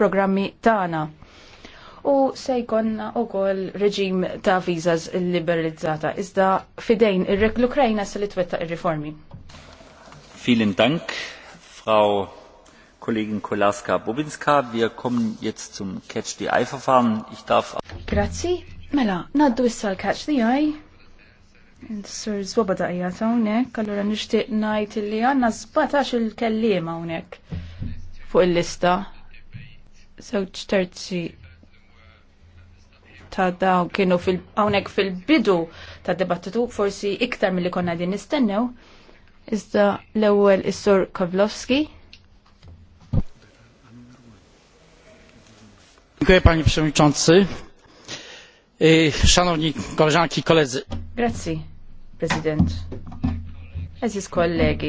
programmi tagħna. U se jkollna wkoll reġim ta' vizas liberalizzata iżda fidejn l-Ukrajna se li twettaq ir-riformi. Vielen Dank, Frau Kollegin Kolaska Bobinska. Wir kommen jetzt zum Catch the Eye Verfahren. Ich darf Grazzi. Mela, naddu issa l-Catch the Eye. Sir Zwobada da unnek, hawnhekk, allura nixtieq ngħid li għandna 17 il-kelliema hawnhekk fuq il-lista. Żewġ terzi ta' dawn kienu hawnhekk fil bidu ta' dibattitu forsi iktar milli konna din nistennew. Iżda l-ewwel is-Sur Kowlowski. Dziękuję panie przewodniczący. E, szanowni koleżanki i koledzy. Grazie, prezydent. Aziz kolegi.